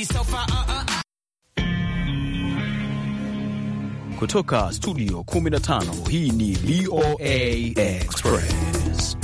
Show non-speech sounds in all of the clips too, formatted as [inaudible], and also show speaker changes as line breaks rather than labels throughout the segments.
be so far, uh, uh, uh. Kutoka studio 15 hii ni VOA Express.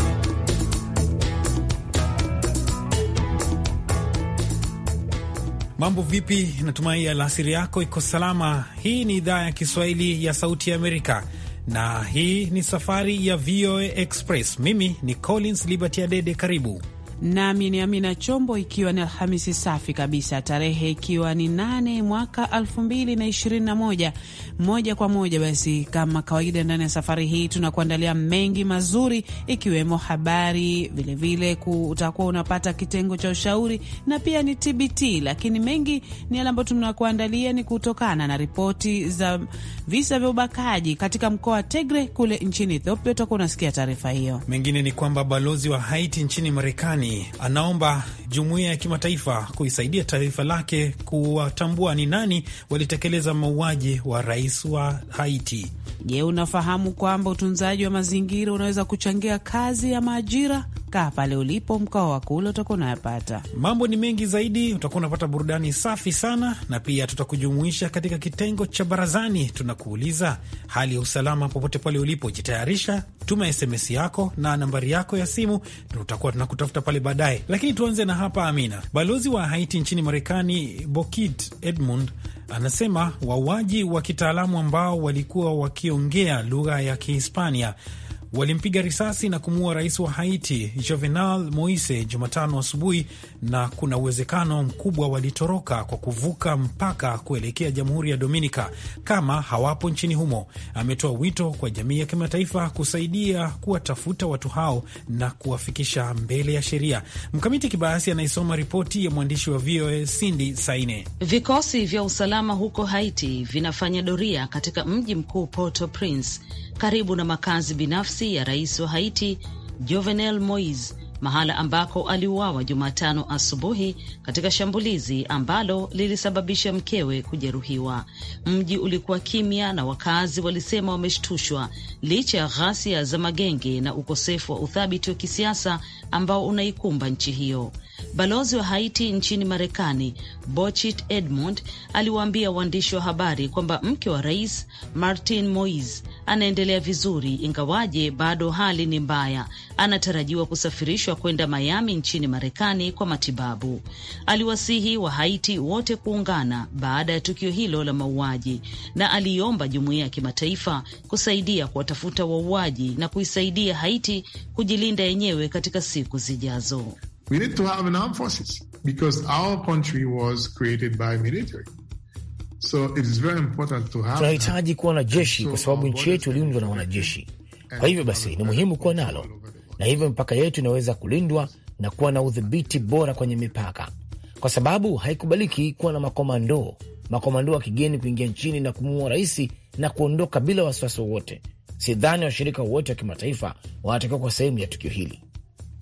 Mambo vipi? Natumai alasiri yako iko salama. Hii ni idhaa ya Kiswahili ya Sauti ya Amerika na hii ni safari ya VOA Express. Mimi ni Collins Liberty Adede, karibu
nami ni Amina Chombo, ikiwa ni Alhamisi safi kabisa, tarehe ikiwa ni nane mwaka elfu mbili na ishirini na moja moja kwa moja. Basi kama kawaida, ndani ya safari hii tunakuandalia mengi mazuri, ikiwemo habari vilevile, utakuwa unapata kitengo cha ushauri na pia ni TBT, lakini mengi ni yale ambayo tunakuandalia ni kutokana na ripoti za visa vya ubakaji katika mkoa wa Tigre kule nchini Ethiopia. Utakuwa unasikia taarifa hiyo.
Mengine ni kwamba balozi wa Haiti nchini Marekani Marekani anaomba jumuiya ya kimataifa kuisaidia taifa lake kuwatambua ni nani walitekeleza mauaji wa rais
wa Haiti. Je, unafahamu kwamba utunzaji wa mazingira unaweza kuchangia kazi ya maajira? Kaa pale ulipo, mkoa wa kula utakuwa unayapata. Mambo ni mengi zaidi,
utakuwa unapata burudani safi sana, na pia tutakujumuisha katika kitengo cha barazani. Tunakuuliza hali ya usalama popote pale ulipo. Jitayarisha, tuma SMS yako na nambari yako ya simu, utakuwa tunakutafuta pale baadaye. Lakini tuanze na hapa. Amina, balozi wa Haiti nchini Marekani, Bokit Edmund anasema wauaji wa kitaalamu ambao walikuwa wakiongea lugha ya Kihispania walimpiga risasi na kumuua rais wa Haiti Jovenal Moise Jumatano asubuhi na kuna uwezekano mkubwa walitoroka kwa kuvuka mpaka kuelekea Jamhuri ya Dominika kama hawapo nchini humo. Ametoa wito kwa jamii ya kimataifa kusaidia kuwatafuta watu hao na kuwafikisha mbele ya sheria. Mkamiti Kibayasi anaisoma ripoti ya mwandishi wa VOA Cindy Saine.
Vikosi vya usalama huko Haiti vinafanya doria katika mji mkuu Port-au-Prince, karibu na makazi binafsi ya rais wa Haiti Jovenel Moise mahala ambako aliuawa Jumatano asubuhi katika shambulizi ambalo lilisababisha mkewe kujeruhiwa. Mji ulikuwa kimya na wakazi walisema wameshtushwa, licha ya ghasia za magenge na ukosefu wa uthabiti wa kisiasa ambao unaikumba nchi hiyo. Balozi wa Haiti nchini Marekani, Bochit Edmond, aliwaambia waandishi wa habari kwamba mke wa rais Martin Moise anaendelea vizuri, ingawaje bado hali ni mbaya. Anatarajiwa kusafirishwa kwenda Miami nchini Marekani kwa matibabu. Aliwasihi wa Haiti wote kuungana baada ya tukio hilo la mauaji, na aliiomba jumuiya ya kimataifa kusaidia kuwatafuta wauaji na kuisaidia Haiti kujilinda yenyewe katika siku zijazo.
We need to have an armed forces because our country
was created by military. So it is very important to have. Tunahitaji
kuwa na jeshi kwa sababu nchi yetu iliundwa na wanajeshi. Kwa hivyo basi ni muhimu kuwa nalo na hivyo mipaka yetu inaweza kulindwa na kuwa na udhibiti bora kwenye mipaka, kwa sababu haikubaliki kuwa na makomando makomando wa kigeni kuingia nchini na kumuua rais na kuondoka bila wasiwasi wowote. Sidhani washirika wowote wa kimataifa wanatakiwa kwa sehemu ya tukio hili.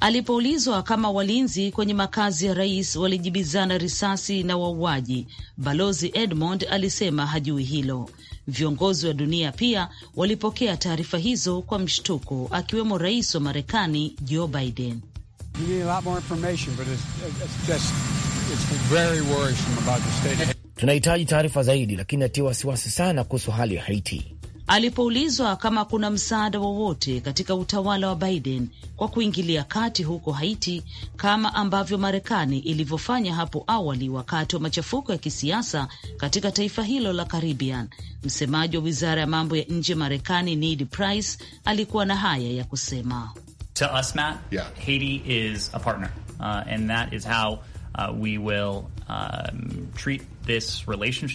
Alipoulizwa kama walinzi kwenye makazi ya rais walijibizana risasi na wauaji, balozi Edmond alisema hajui hilo. Viongozi wa dunia pia walipokea taarifa hizo kwa mshtuko, akiwemo rais wa Marekani Joe Biden.
Tunahitaji taarifa zaidi, lakini atia wasiwasi sana kuhusu hali
ya Haiti. Alipoulizwa kama kuna msaada wowote katika utawala wa Biden kwa kuingilia kati huko Haiti kama ambavyo Marekani ilivyofanya hapo awali wakati wa machafuko ya kisiasa katika taifa hilo la Caribbean, msemaji wa wizara ya mambo ya nje Marekani Ned Price alikuwa na haya ya kusema. To us, Matt, yeah. Haiti is a partner, uh, and that is how, uh, we will, um, treat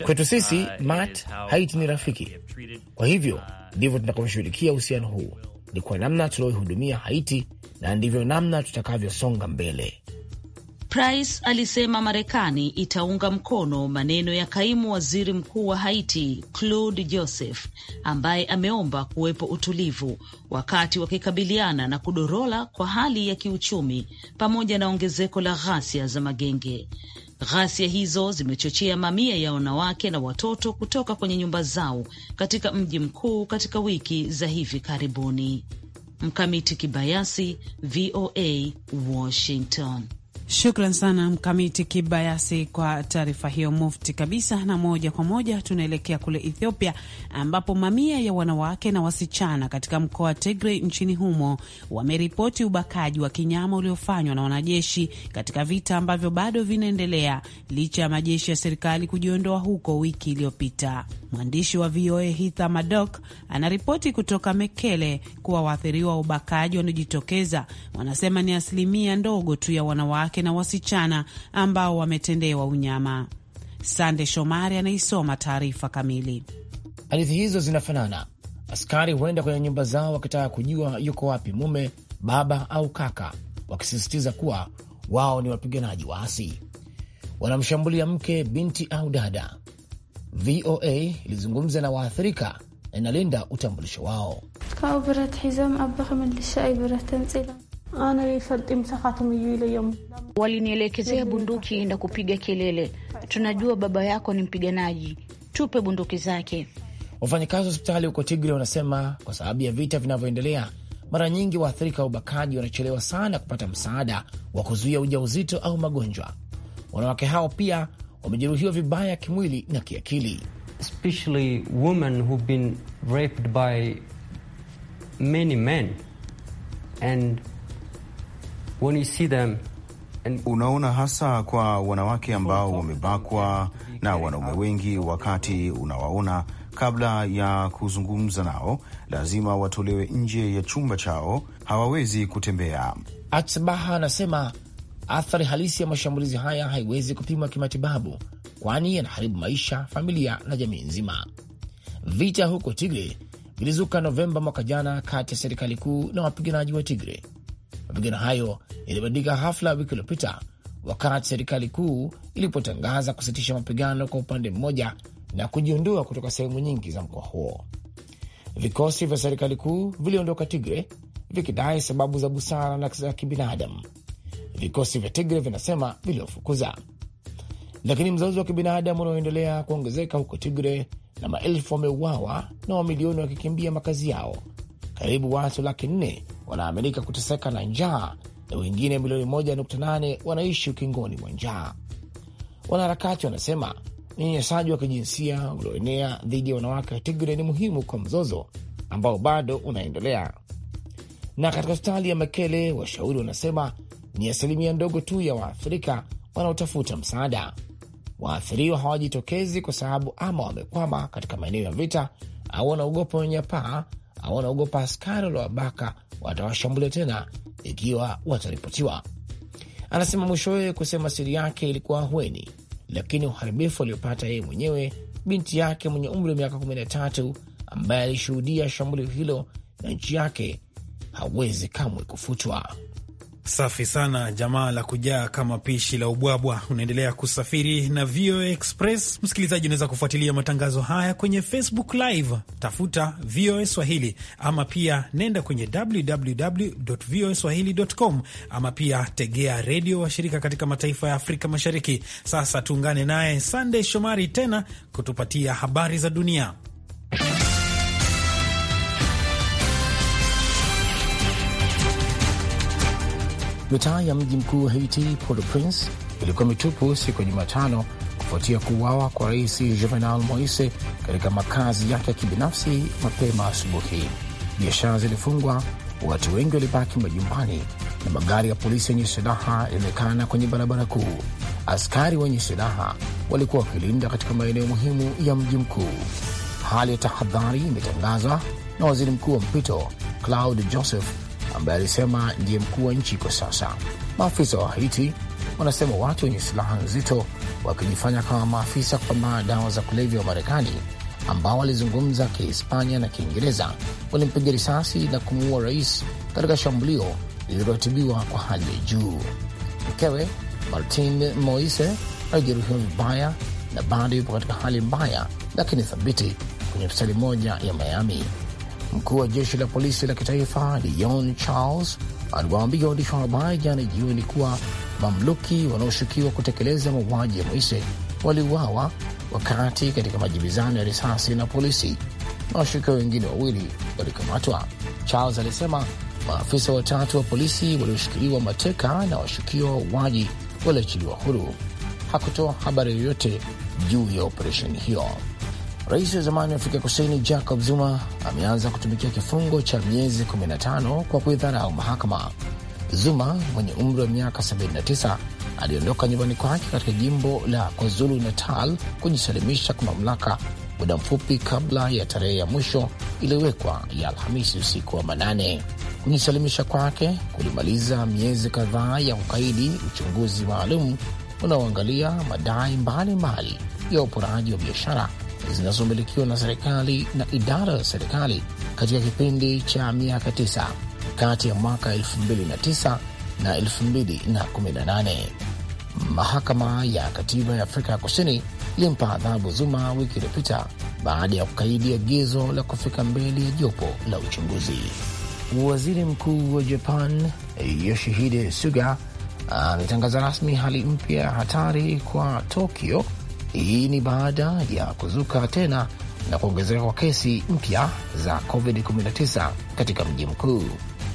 Kwetu sisi uh, Matt Haiti ni uh,
rafiki. Kwa hivyo uh, ndivyo tunakoshughulikia uhusiano huu, ni kwa namna tunayoihudumia Haiti na ndivyo namna tutakavyosonga mbele.
Price alisema Marekani itaunga mkono maneno ya kaimu waziri mkuu wa Haiti Claude Joseph ambaye ameomba kuwepo utulivu wakati wakikabiliana na kudorola kwa hali ya kiuchumi pamoja na ongezeko la ghasia za magenge. Ghasia hizo zimechochea mamia ya wanawake na watoto kutoka kwenye nyumba zao katika mji mkuu katika wiki za hivi karibuni. Mkamiti Kibayasi,
VOA, Washington. Shukran sana Mkamiti Kibayasi kwa taarifa hiyo mufti kabisa. Na moja kwa moja tunaelekea kule Ethiopia, ambapo mamia ya wanawake na wasichana katika mkoa wa Tigray nchini humo wameripoti ubakaji wa kinyama uliofanywa na wanajeshi katika vita ambavyo bado vinaendelea licha ya majeshi ya serikali kujiondoa huko wiki iliyopita. Mwandishi wa VOA Hitha Madok anaripoti kutoka Mekele kuwa waathiriwa wa ubakaji wanaojitokeza wanasema ni asilimia ndogo tu ya wanawake wanawake na wasichana ambao wametendewa unyama. Sande Shomari anaisoma taarifa kamili. Hadithi hizo zinafanana.
Askari huenda kwenye nyumba zao wakitaka kujua yuko wapi mume, baba au kaka, wakisisitiza kuwa wao ni wapiganaji waasi. Wanamshambulia mke, binti au dada. VOA ilizungumza na waathirika na inalinda utambulisho wao.
Walinielekezea bunduki na kupiga kelele, tunajua baba yako ni mpiganaji, tupe bunduki zake.
Wafanyakazi wa hospitali huko Tigre wanasema kwa sababu ya vita vinavyoendelea, mara nyingi waathirika wa ubakaji wanachelewa sana kupata msaada wa kuzuia ujauzito au magonjwa. Wanawake hao pia wamejeruhiwa vibaya
kimwili na kiakili. Especially women who've been raped by many men and When you see them and... unaona hasa kwa wanawake
ambao wamebakwa na wanaume wengi, wakati unawaona kabla ya kuzungumza nao, lazima watolewe nje ya chumba chao, hawawezi kutembea. Atsbaha anasema athari halisi ya mashambulizi haya haiwezi kupimwa kimatibabu, kwani yanaharibu maisha, familia na jamii nzima. Vita huko Tigre vilizuka Novemba mwaka jana kati ya serikali kuu na wapiganaji wa Tigre. Mapigano hayo yalibadilika hafla wiki iliyopita wakati serikali kuu ilipotangaza kusitisha mapigano kwa upande mmoja na kujiondoa kutoka sehemu nyingi za mkoa huo. Vikosi vya serikali kuu viliondoka Tigre vikidai sababu za busara na za kibinadamu. Vikosi vya Tigre vinasema viliofukuza, lakini mzozo wa kibinadamu unaoendelea kuongezeka huko Tigre na maelfu wameuawa na wamilioni wakikimbia makazi yao. Karibu watu laki nne wanaaminika kuteseka na njaa na wengine milioni 1.8 wanaishi ukingoni mwa njaa. Wanaharakati wanasema unyanyasaji wa kijinsia ulioenea dhidi ya wanawake wa Tigre ni muhimu kwa mzozo ambao bado unaendelea. Na katika hospitali ya Mekele, washauri wanasema ni asilimia ndogo tu ya waathirika wanaotafuta msaada. Waathiriwa hawajitokezi kwa sababu ama wamekwama katika maeneo ya vita au wanaogopa wenye paa wanaogopa askari waliowabaka watawashambulia tena ikiwa wataripotiwa. Anasema mwishowe kusema siri yake ilikuwa hweni, lakini uharibifu aliopata yeye mwenyewe, binti yake mwenye umri wa miaka 13 ambaye alishuhudia shambulio hilo na nchi yake hawezi kamwe kufutwa.
Safi sana jamaa la kujaa kama pishi la ubwabwa. Unaendelea kusafiri na VOA Express. Msikilizaji, unaweza kufuatilia matangazo haya kwenye Facebook Live, tafuta VOA Swahili ama pia nenda kwenye www voa swahili com, ama pia tegea redio wa shirika katika mataifa ya Afrika Mashariki. Sasa tuungane naye Sandey Shomari tena kutupatia habari za dunia.
Mitaa ya mji mkuu wa Haiti, Port-au-Prince, ilikuwa mitupu siku ya Jumatano kufuatia kuuawa kwa rais jovenal Moise katika makazi yake ya kibinafsi mapema asubuhi. Biashara zilifungwa, watu wengi walibaki majumbani na magari ya polisi yenye silaha yalionekana kwenye barabara kuu. Askari wenye silaha walikuwa wakilinda katika maeneo muhimu ya mji mkuu. Hali ya tahadhari imetangazwa na waziri mkuu wa mpito Claude Joseph ambaye alisema ndiye mkuu wa nchi kwa sasa. Maafisa wa Haiti wanasema watu wenye silaha nzito wakijifanya kama maafisa kupambana dawa za kulevya wa Marekani ambao walizungumza Kihispania na Kiingereza walimpiga risasi na kumuua rais katika shambulio lililoratibiwa kwa hali ya juu. Mkewe Martin Moise alijeruhiwa vibaya na bado yupo katika hali mbaya lakini thabiti kwenye hospitali moja ya Miami. Mkuu wa jeshi la polisi la kitaifa Leon Charles aliwaambia waandishi wa habari jana jioni kuwa mamluki wanaoshukiwa kutekeleza mauaji ya Moise waliuawa wakati katika majibizano ya risasi na polisi, na washukiwa wengine wawili walikamatwa. Charles alisema maafisa watatu wa polisi walioshikiliwa mateka na washukiwa wauaji waliachiliwa huru. Hakutoa habari yoyote juu ya operesheni hiyo. Rais wa zamani wa Afrika Kusini Jacob Zuma ameanza kutumikia kifungo cha miezi 15 kwa kuidharau mahakama. Zuma mwenye umri wa miaka 79 aliondoka nyumbani kwake katika jimbo la KwaZulu Natal kujisalimisha kwa mamlaka muda mfupi kabla ya tarehe ya mwisho iliyowekwa ya Alhamisi usiku wa manane. Kujisalimisha kwake kulimaliza miezi kadhaa ya ukaidi uchunguzi maalum unaoangalia madai mbalimbali ya uporaji wa biashara zinazomilikiwa na serikali na idara za serikali katika kipindi cha miaka tisa kati ya mwaka 2009 na 2018. Mahakama ya Katiba ya Afrika ya Kusini ilimpa adhabu Zuma wiki iliyopita baada ya kukaidi agizo la kufika mbele ya jopo la uchunguzi. Waziri Mkuu wa Japan Yoshihide Suga ametangaza rasmi hali mpya ya hatari kwa Tokyo hii ni baada ya kuzuka tena na kuongezeka kwa kesi mpya za COVID-19 katika mji mkuu.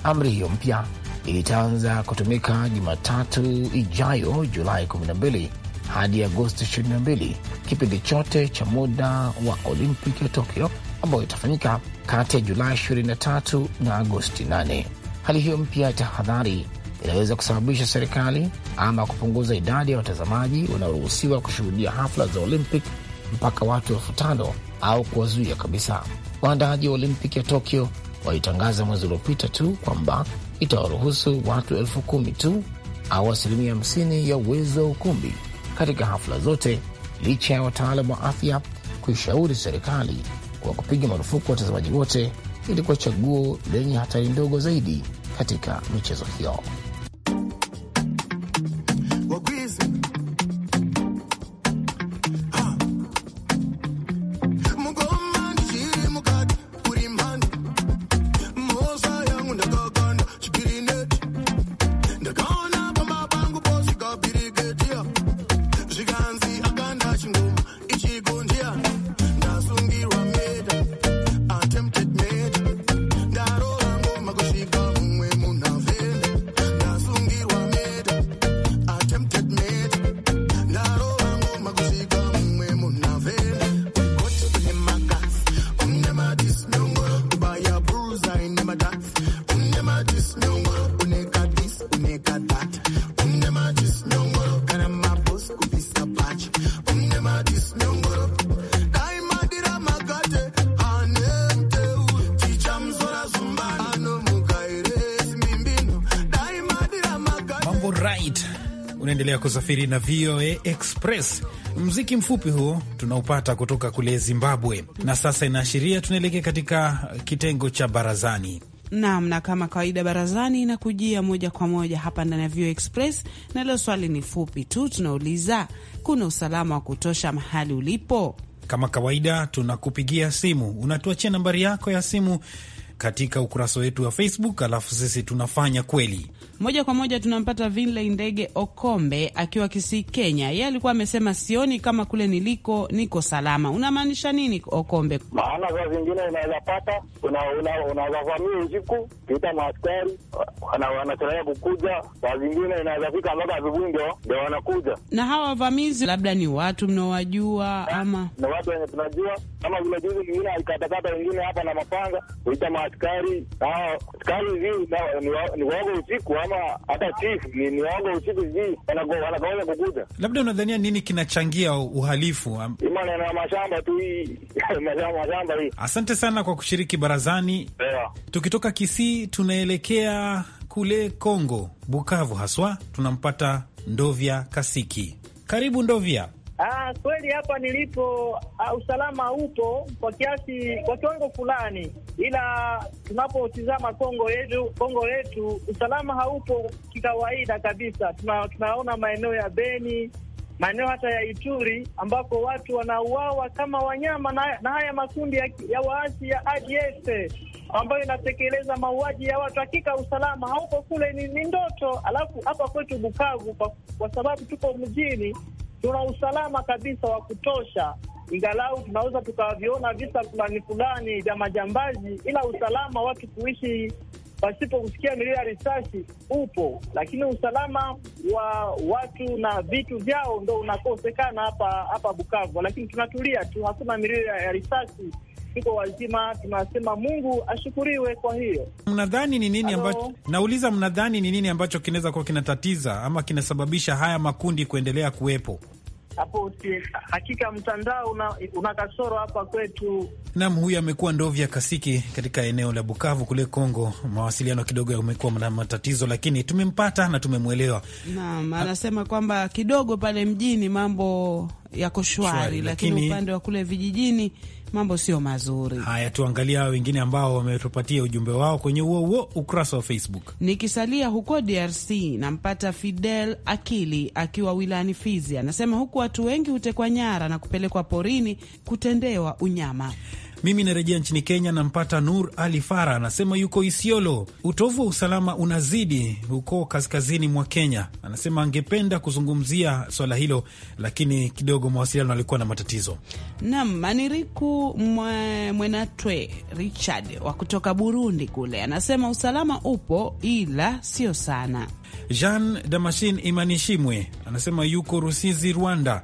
Amri hiyo mpya itaanza kutumika Jumatatu ijayo Julai 12 hadi Agosti 22, kipindi chote cha muda wa Olimpiki ya Tokyo ambayo itafanyika kati ya Julai 23 na Agosti 8. Hali hiyo mpya ya tahadhari inaweza kusababisha serikali ama kupunguza idadi ya watazamaji wanaoruhusiwa kushuhudia hafla za Olympic mpaka watu elfu tano au kuwazuia kabisa. Waandaaji wa Olympic ya Tokyo walitangaza mwezi uliopita tu kwamba itawaruhusu watu elfu kumi tu au asilimia hamsini ya uwezo wa ukumbi katika hafla zote, licha ya wataalam wa afya kuishauri serikali kwa kupiga marufuku watazamaji wote ili kwa chaguo lenye hatari ndogo zaidi katika michezo
hiyo.
Unaendelea kusafiri na VOA Express.
Mziki mfupi huo
tunaupata kutoka kule Zimbabwe, na sasa inaashiria tunaelekea katika kitengo cha barazani.
Naam, na kama kawaida barazani inakujia moja kwa moja hapa ndani ya VOA Express, na leo swali ni fupi tu, tunauliza kuna usalama wa kutosha mahali ulipo?
Kama kawaida tunakupigia simu, unatuachia nambari yako ya simu katika ukurasa wetu wa Facebook, alafu sisi tunafanya kweli
moja kwa moja tunampata Vinley Ndege Okombe akiwa Kisii, Kenya. Yeye alikuwa amesema sioni kama kule niliko niko salama. Unamaanisha nini Okombe? Maana
saa zingine unaweza pata unaweza vamia usiku kuita maaskari wanataraja kukuja, saa zingine inaweza fika mpaka asubuhi ndio wanakuja.
Na hawa wavamizi labda ni watu mnaowajua ama ni
watu wenye tunajua, kama
vile juzi mwingine alikatakata
wengine hapa na mapanga kuita maaskari. Askari ni wago usiku ama hata chifu ni miwango usiku sijui wanakaweza kukuja. Labda unadhania nini kinachangia uhalifu? Maneno ya mashamba tu hii [laughs] mashamba hii. Asante sana kwa kushiriki barazani. Yeah. Tukitoka Kisii tunaelekea kule Kongo, Bukavu haswa, tunampata Ndovya Kasiki. Karibu Ndovya. Ah, kweli hapa nilipo uh, usalama upo kwa kiasi, kwa kiwango fulani, ila tunapotizama Kongo yetu, Kongo yetu usalama haupo kikawaida kabisa. Tuna, tunaona maeneo ya Beni, maeneo hata ya Ituri ambako watu wanauawa kama wanyama na, na haya makundi ya, ya waasi ya ADF ambayo inatekeleza mauaji ya watu. Hakika usalama hauko kule, ni, ni ndoto. Alafu hapa kwetu Bukavu, kwa sababu tuko mjini tuna usalama kabisa wa kutosha, ingalau tunaweza tukaviona visa fulani fulani vya majambazi, ila usalama watu kuishi pasipo kusikia milio ya risasi upo, lakini usalama wa watu na vitu vyao ndo unakosekana hapa hapa Bukavu. Lakini tunatulia tu, hakuna milio ya risasi, tuko wazima, tunasema Mungu ashukuriwe. Kwa hiyo mnadhani ni nini ambacho, nauliza mnadhani ni nini ambacho kinaweza kuwa kinatatiza ama kinasababisha haya makundi kuendelea kuwepo? hapo hakika mtandao una, una kasoro hapa kwetu. Naam, huyu amekuwa Ndovya Kasiki katika eneo la Bukavu kule Kongo. Mawasiliano kidogo yamekuwa na matatizo, lakini tumempata na tumemwelewa.
Naam, anasema kwamba kidogo pale mjini mambo yako shwari, lakini upande wa kule vijijini mambo sio mazuri. Haya,
tuangalie wengine ambao wametupatia ujumbe wao kwenye huo huo ukurasa wa Facebook.
Nikisalia huko DRC, nampata Fidel Akili akiwa wilayani Fizi, anasema huku watu wengi hutekwa nyara na kupelekwa porini kutendewa unyama.
Mimi narejea nchini Kenya, nampata Nur Ali Fara, anasema yuko Isiolo. Utovu wa usalama unazidi huko kaskazini mwa Kenya. Anasema angependa kuzungumzia swala hilo, lakini kidogo mawasiliano alikuwa na matatizo.
Nam maniriku Mwenatwe Richard wa kutoka Burundi kule anasema usalama upo ila sio sana.
Jean Damashin Imanishimwe anasema yuko Rusizi, Rwanda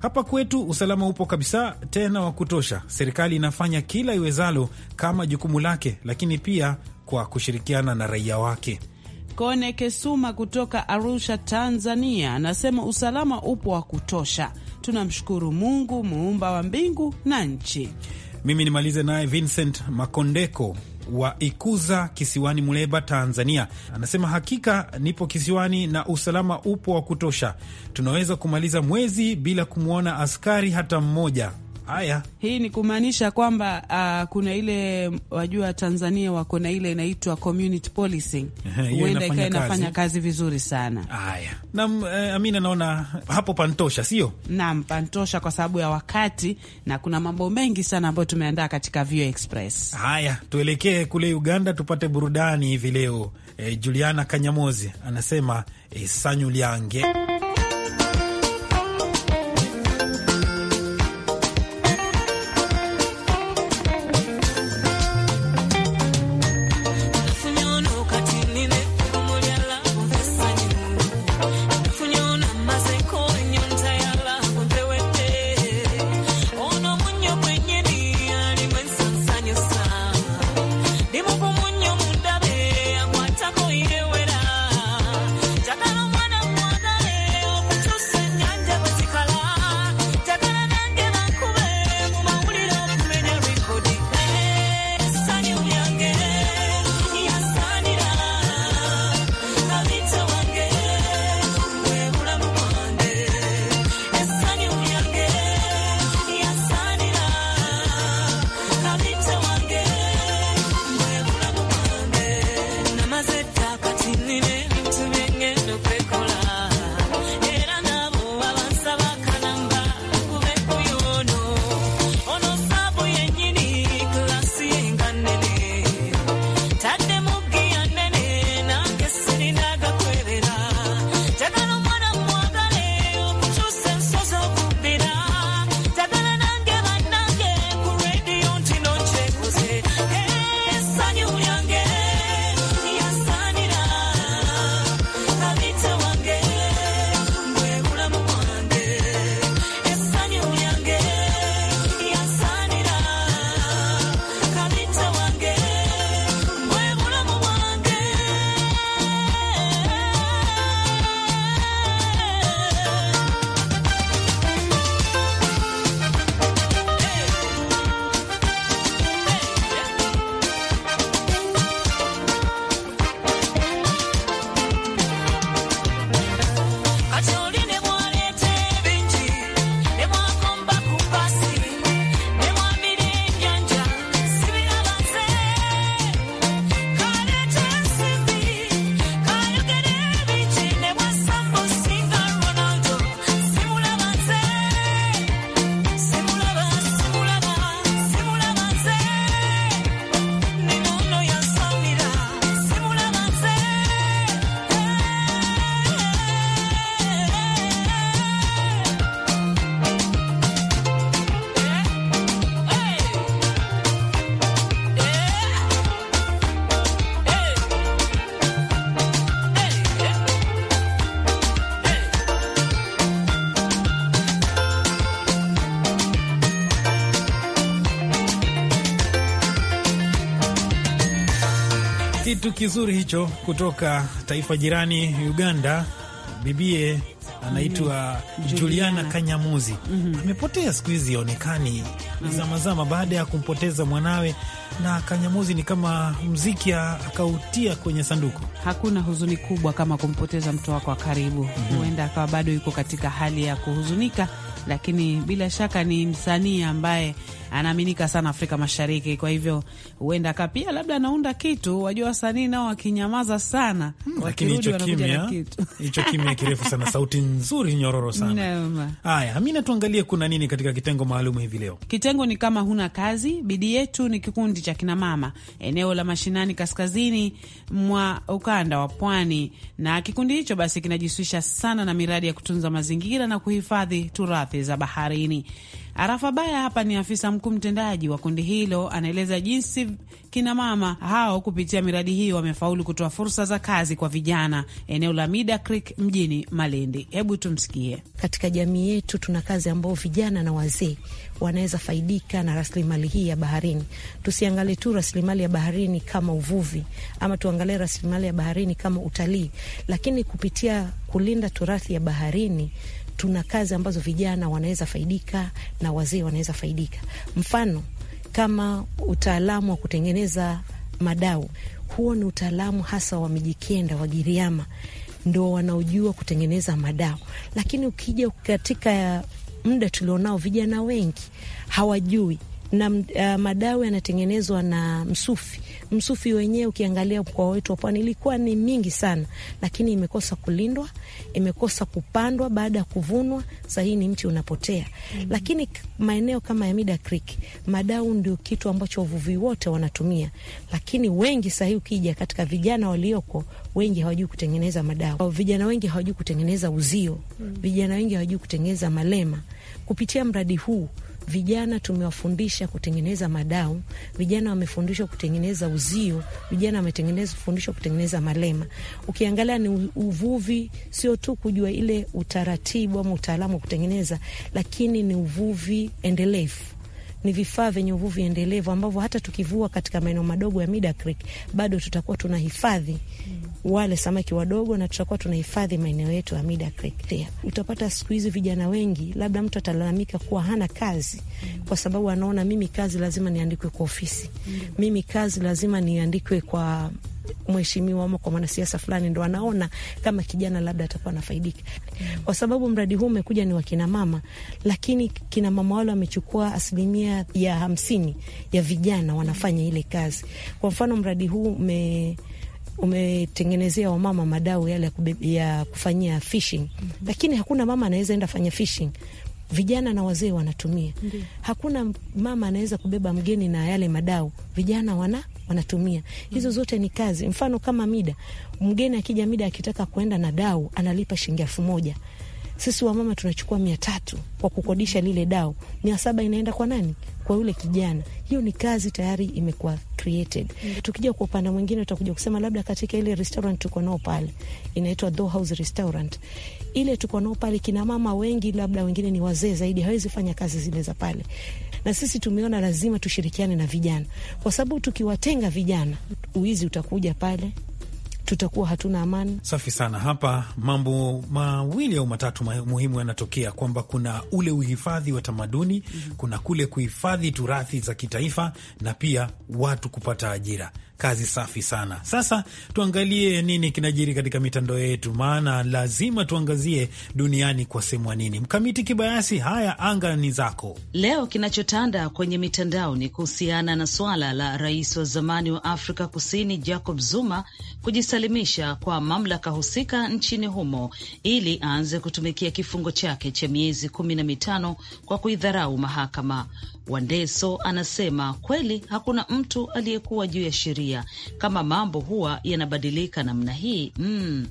hapa kwetu usalama upo kabisa, tena wa kutosha. Serikali inafanya kila iwezalo kama jukumu lake, lakini pia kwa kushirikiana na raia wake.
Kone Kesuma kutoka Arusha, Tanzania, anasema usalama upo wa kutosha. Tunamshukuru Mungu muumba wa mbingu na nchi.
Mimi nimalize naye Vincent Makondeko wa Ikuza kisiwani Muleba, Tanzania, anasema hakika nipo kisiwani na usalama upo wa kutosha. Tunaweza kumaliza mwezi bila kumwona askari hata mmoja. Haya,
hii ni kumaanisha kwamba uh, kuna ile wajua, Tanzania wako na ile inaitwa community policing, huenda ikawa inafanya kazi vizuri sana. Haya,
naam. Eh, Amina, naona hapo pantosha, sio?
Naam, pantosha kwa sababu ya wakati, na kuna mambo mengi sana ambayo tumeandaa katika Vio Express.
Haya, tuelekee kule Uganda tupate burudani hivi leo. Eh, Juliana Kanyamozi anasema eh, liange kitu kizuri hicho kutoka taifa jirani Uganda. Bibie anaitwa mm-hmm. Juliana, Juliana Kanyamuzi mm -hmm. amepotea siku hizi aonekani mm. zamazama baada ya kumpoteza mwanawe,
na Kanyamuzi ni kama mziki akautia kwenye sanduku. Hakuna huzuni kubwa kama kumpoteza mtu wako wa karibu. Mm-hmm. Huenda mm -hmm. akawa bado yuko katika hali ya kuhuzunika, lakini bila shaka ni msanii ambaye anaaminika sana Afrika Mashariki. Kwa hivyo huenda pia labda anaunda kitu, wajua wasanii nao wakinyamaza sana, hmm, lakini hicho kimya
hicho kimya kirefu sana, [laughs] sauti nzuri nyororo
sana. Haya, Amina, tuangalie kuna nini katika kitengo maalum hivi leo. Kitengo ni kama huna kazi. Bidii yetu ni kikundi cha kinamama eneo la mashinani kaskazini mwa ukanda wa pwani, na kikundi hicho basi kinajihusisha sana na miradi ya kutunza mazingira na kuhifadhi turathi za baharini. Arafa Baya hapa ni afisa mkuu mtendaji wa kundi hilo, anaeleza jinsi kinamama hao kupitia miradi hiyo wamefaulu kutoa fursa za kazi kwa vijana eneo la Mida Creek mjini Malindi. Hebu tumsikie.
Katika jamii yetu tuna kazi ambao vijana na wazee wanaweza faidika na rasilimali hii ya baharini. Tusiangalie tu rasilimali ya baharini kama uvuvi ama tuangalie rasilimali ya baharini kama utalii, lakini kupitia kulinda turathi ya baharini tuna kazi ambazo vijana wanaweza faidika na wazee wanaweza faidika. Mfano kama utaalamu wa kutengeneza madau, huo ni utaalamu hasa wa Mijikenda, wa Giriama ndo wanaojua kutengeneza madau, lakini ukija katika muda tulionao, vijana wengi hawajui na uh, madawa yanatengenezwa na msufi. Msufi wenyewe ukiangalia mkoa wetu wa Pwani ilikuwa ni mingi sana, lakini imekosa kulindwa, imekosa kupandwa baada ya kuvunwa. Sasa hii ni mti unapotea. mm -hmm. Lakini maeneo kama ya Mida Creek, madau ndio kitu ambacho wavuvi wote wanatumia, lakini wengi sasa hii ukija katika vijana walioko wengi hawajui kutengeneza madau. vijana wengi hawajui kutengeneza uzio, mm -hmm. vijana wengi hawajui kutengeneza malema. Kupitia mradi huu Vijana tumewafundisha kutengeneza madau, vijana wamefundishwa kutengeneza uzio, vijana wametengeneza fundishwa kutengeneza malema. Ukiangalia ni uvuvi, sio tu kujua ile utaratibu ama utaalamu wa kutengeneza, lakini ni uvuvi endelevu ni vifaa vyenye uvuvi endelevu ambavyo hata tukivua katika maeneo madogo ya Mida Creek bado tutakuwa tuna mm wale samaki wadogo, na tutakuwa tunahifadhi maeneo yetu ya Mida Creek. Utapata siku hizi vijana wengi, labda mtu atalalamika kuwa hana kazi kwa sababu anaona mimi kazi lazima niandikwe kwa ofisi, mimi kazi lazima niandikwe kwa mheshimiwa ama kwa mwanasiasa fulani, ndo anaona kama kijana labda atakuwa anafaidika, kwa sababu mradi huu umekuja ni wakina mama, lakini kina mama wale wamechukua asilimia ya hamsini ya vijana wanafanya ile kazi. Kwa mfano mradi huu ume umetengenezea wamama madau yale ya kufanyia fishing mm -hmm. Lakini hakuna mama anaweza enda fanya fishing vijana na wazee wanatumia. Ndi. Hakuna mama anaweza kubeba mgeni na yale madau, vijana wana wanatumia hizo mhm. Zote ni kazi. Mfano kama mida, mgeni akija mida akitaka kuenda na dau analipa shilingi elfu moja sisi wamama tunachukua mia tatu kwa kukodisha lile dao, mia saba inaenda kwa nani? Kwa yule kijana. Hiyo ni kazi tayari imekuwa created. Tukija kwa upande mwingine, utakuja kusema labda katika ile restaurant tuko nao pale, inaitwa Dho House Restaurant, ile tuko nao pale, kina mama wengi, labda wengine ni wazee zaidi, hawezi fanya kazi zile za pale na sisi tumeona lazima tushirikiane na vijana, kwa sababu tukiwatenga vijana, uwizi utakuja pale, tutakuwa hatuna amani.
Safi sana. Hapa mambo mawili au matatu muhimu yanatokea kwamba kuna ule uhifadhi wa tamaduni mm -hmm. kuna kule kuhifadhi turathi za kitaifa na pia watu kupata ajira Kazi safi sana. Sasa tuangalie nini kinajiri katika mitandao yetu, maana lazima tuangazie duniani kwa semwa nini. Mkamiti Kibayasi, haya anga ni zako
leo. Kinachotanda kwenye mitandao ni kuhusiana na suala la rais wa zamani wa Afrika Kusini Jacob Zuma kujisalimisha kwa mamlaka husika nchini humo ili aanze kutumikia kifungo chake cha miezi kumi na mitano kwa kuidharau mahakama. Wandeso anasema kweli hakuna mtu aliyekuwa juu ya sheria, kama mambo huwa yanabadilika namna hii. Mm.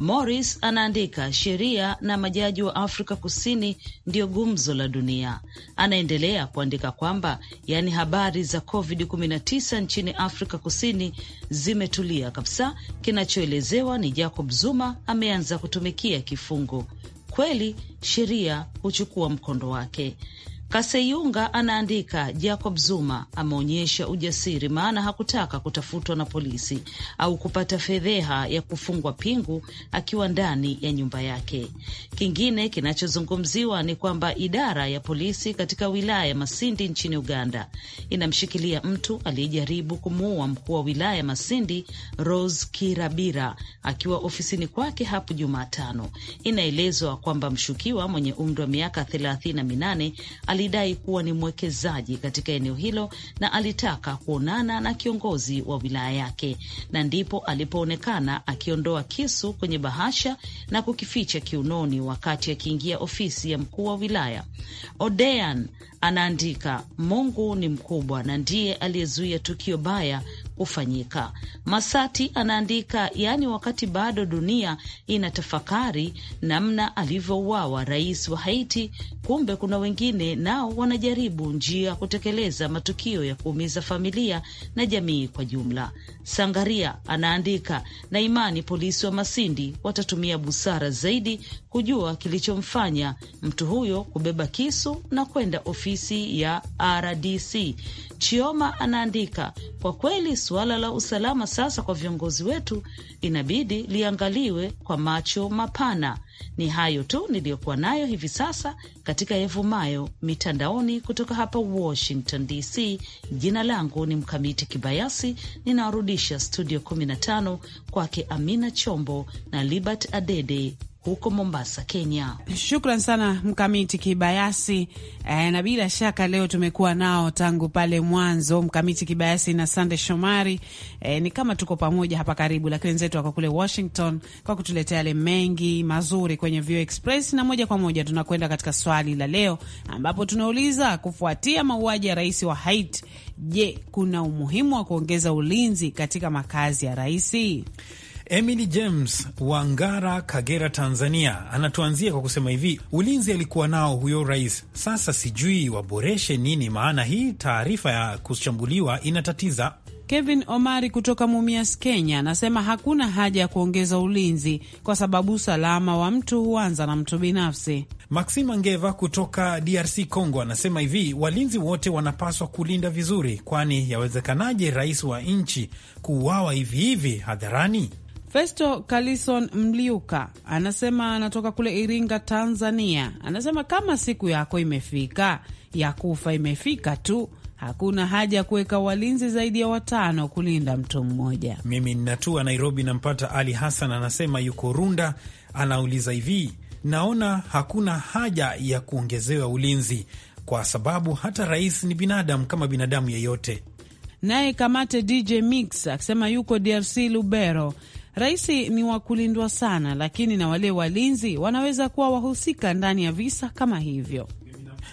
Morris anaandika sheria na majaji wa Afrika Kusini ndio gumzo la dunia. Anaendelea kuandika kwamba yaani, habari za COVID-19 nchini Afrika Kusini zimetulia kabisa. Kinachoelezewa ni Jacob Zuma ameanza kutumikia kifungo. Kweli sheria huchukua mkondo wake. Kaseyunga anaandika, Jacob Zuma ameonyesha ujasiri, maana hakutaka kutafutwa na polisi au kupata fedheha ya kufungwa pingu akiwa ndani ya nyumba yake. Kingine kinachozungumziwa ni kwamba idara ya polisi katika wilaya ya Masindi nchini Uganda inamshikilia mtu aliyejaribu kumuua mkuu wa wilaya ya Masindi Rose Kirabira akiwa ofisini kwake hapo Jumatano. Inaelezwa kwamba mshukiwa mwenye umri wa miaka thelathini na minane alidai kuwa ni mwekezaji katika eneo hilo na alitaka kuonana na kiongozi wa wilaya yake, na ndipo alipoonekana akiondoa kisu kwenye bahasha na kukificha kiunoni wakati akiingia ofisi ya mkuu wa wilaya. Odean anaandika, Mungu ni mkubwa na ndiye aliyezuia tukio baya kufanyika. Masati anaandika, yaani wakati bado dunia inatafakari namna alivyouawa rais wa Haiti, kumbe kuna wengine na nao wanajaribu njia ya kutekeleza matukio ya kuumiza familia na jamii kwa jumla. Sangaria anaandika na imani polisi wa Masindi watatumia busara zaidi kujua kilichomfanya mtu huyo kubeba kisu na kwenda ofisi ya RDC. Chioma anaandika, kwa kweli suala la usalama sasa kwa viongozi wetu inabidi liangaliwe kwa macho mapana. Ni hayo tu niliyokuwa nayo hivi sasa katika yevumayo Mitandaoni kutoka hapa Washington DC. Jina langu ni Mkamiti Kibayasi, ninawarudisha studio 15 kwake Amina Chombo na
Libert Adede huko Mombasa, Kenya. Shukran sana Mkamiti Kibayasi. E, na bila shaka leo tumekuwa nao tangu pale mwanzo Mkamiti Kibayasi na Sande Shomari. E, ni kama tuko pamoja hapa karibu, lakini wenzetu wako kule Washington kwa kutuletea yale mengi mazuri kwenye Vio Express, na moja kwa moja tunakwenda katika swali la leo ambapo tunauliza kufuatia mauaji ya rais wa Haiti, je, kuna umuhimu wa kuongeza ulinzi katika makazi ya raisi? Emily James wa
Ngara, Kagera, Tanzania, anatuanzia kwa kusema hivi: ulinzi alikuwa nao huyo rais, sasa sijui waboreshe nini, maana hii taarifa ya kushambuliwa inatatiza.
Kevin Omari kutoka Mumias, Kenya, anasema hakuna haja ya kuongeza ulinzi kwa sababu usalama wa mtu huanza na mtu binafsi. Maxima Ngeva kutoka
DRC Congo anasema hivi, walinzi wote wanapaswa kulinda vizuri, kwani yawezekanaje rais wa nchi kuuawa hivi hivi hadharani?
Festo Kalison Mliuka anasema anatoka kule Iringa, Tanzania. Anasema kama siku yako imefika ya kufa imefika tu, hakuna haja ya kuweka walinzi zaidi ya watano kulinda mtu mmoja.
Mimi ninatua Nairobi, nampata Ali Hassan, anasema yuko Runda, anauliza hivi, naona hakuna haja ya kuongezewa ulinzi kwa sababu hata rais ni binadamu kama binadamu yeyote.
Naye Kamate DJ Mix akisema yuko DRC Lubero Rais ni wa kulindwa sana, lakini na wale walinzi wanaweza kuwa wahusika ndani ya visa kama hivyo.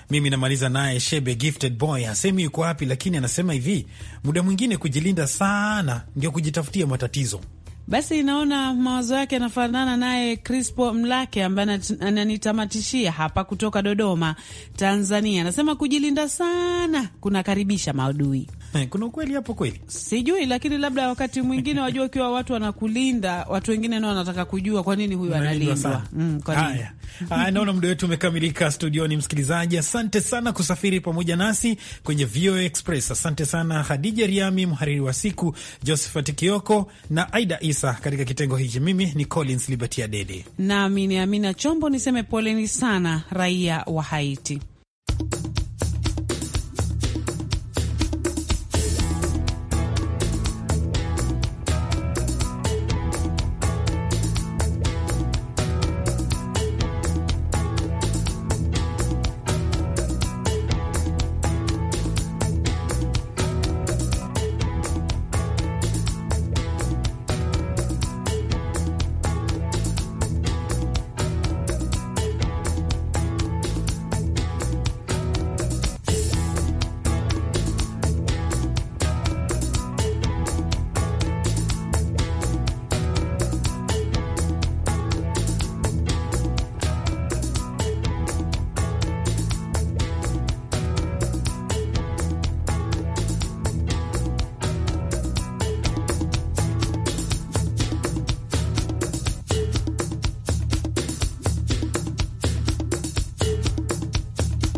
Mimi namaliza naye Shebe Gifted Boy, hasemi yuko wapi, lakini anasema hivi, muda mwingine kujilinda sana ndio kujitafutia matatizo.
Basi naona mawazo yake yanafanana naye Crispo Mlake ambaye ananitamatishia hapa kutoka Dodoma, Tanzania. Anasema kujilinda sana kunakaribisha maadui. Eh, kuna ukweli hapo kweli? Sijui, lakini labda wakati mwingine wajua, ukiwa watu wanakulinda, watu wengine nao wanataka kujua kwa nini huyu analindwa. Mm, haya haya, naona
muda wetu umekamilika studioni. Msikilizaji, asante sana kusafiri pamoja nasi kwenye VOA Express. Asante sana Hadija Riami, mhariri wa siku, Josephat Kioko na Aida Isa katika kitengo hiki. Mimi ni Collins Libertia Dede
nami ni Amina Chombo, niseme poleni sana raia wa Haiti.